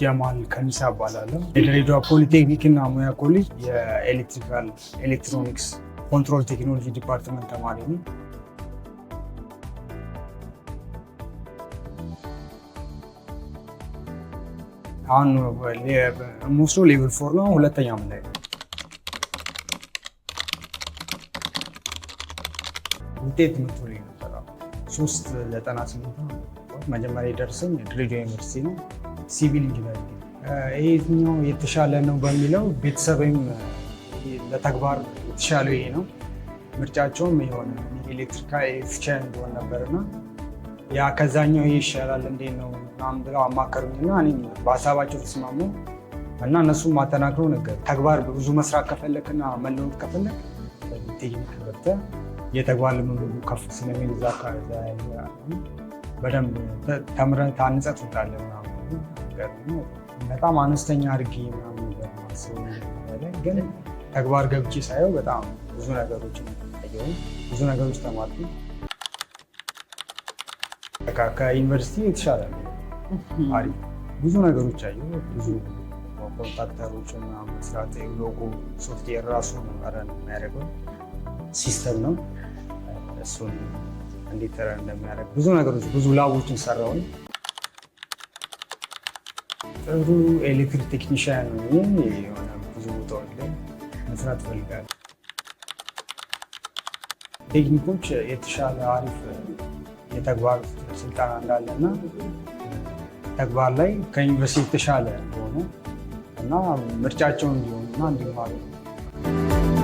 ጀማል ከኒሳ እባላለሁ። የድሬዳዋ ፖሊቴክኒክ እና ሙያ ኮሌጅ የኤሌክትሪካል ኤሌክትሮኒክስ ኮንትሮል ቴክኖሎጂ ዲፓርትመንት ተማሪ ነው። አሁን ሞስሎ ሌቭል ፎር ነው፣ ሁለተኛ ምን ላይ ውጤት ትምህርቱ ላይ ነበረ ሶስት ዘጠና ስምንት መጀመሪያ የደርስም የድሬዳዋ ዩኒቨርሲቲ ነው ሲቪል ኢንጂነሪንግ ይሄኛው የተሻለ ነው በሚለው ቤተሰብም ለተግባር የተሻለው ይሄ ነው። ምርጫቸውም የሆነ ኤሌክትሪካ ኤክስቼንጅ ሆን ነበርና ያ ከዛኛው ይሄ ይሻላል እንዴት ነው ምናምን ብለው አማከሩኝና እኔ በሀሳባቸው ተስማሙ እና እነሱም ማጠናክሮ ነገር ተግባር ብዙ መስራት ከፈለክና መለወጥ ከፈለክ ቴክኒክ ገብተህ የተግባር ልምምዱ ከፍ ስለሚል እዛ በደንብ ተምረህ ታንጸህ ትወጣለህ። በጣም አነስተኛ አድርጌ ምናምን ማስበው ግን ተግባር ገብቼ ሳየው በጣም ብዙ ነገሮች ብዙ ነገሮች ተማርኩ። ከዩኒቨርሲቲ የተሻለ አሪፍ ብዙ ነገሮች አየሁ። ብዙ ኮንታክተሮች እና መስራት ሎጎ ሶፍትዌር ራሱ ረን የሚያደርገው ሲስተም ነው። እሱን እንዴት ረን እንደሚያደርግ ብዙ ነገሮች ብዙ ላቦችን ሰራውን ጥሩ ኤሌክትሪክ ቴክኒሽያን ሆኜ የሆነ ብዙ ቦታዎች ላይ መስራት እፈልጋለሁ። ቴክኒኮች የተሻለ አሪፍ የተግባር ስልጠና እና ተግባር ላይ ከዩኒቨርሲቲ የተሻለ ሆነ እና ምርጫቸውን እና እንዲማሩ ነው።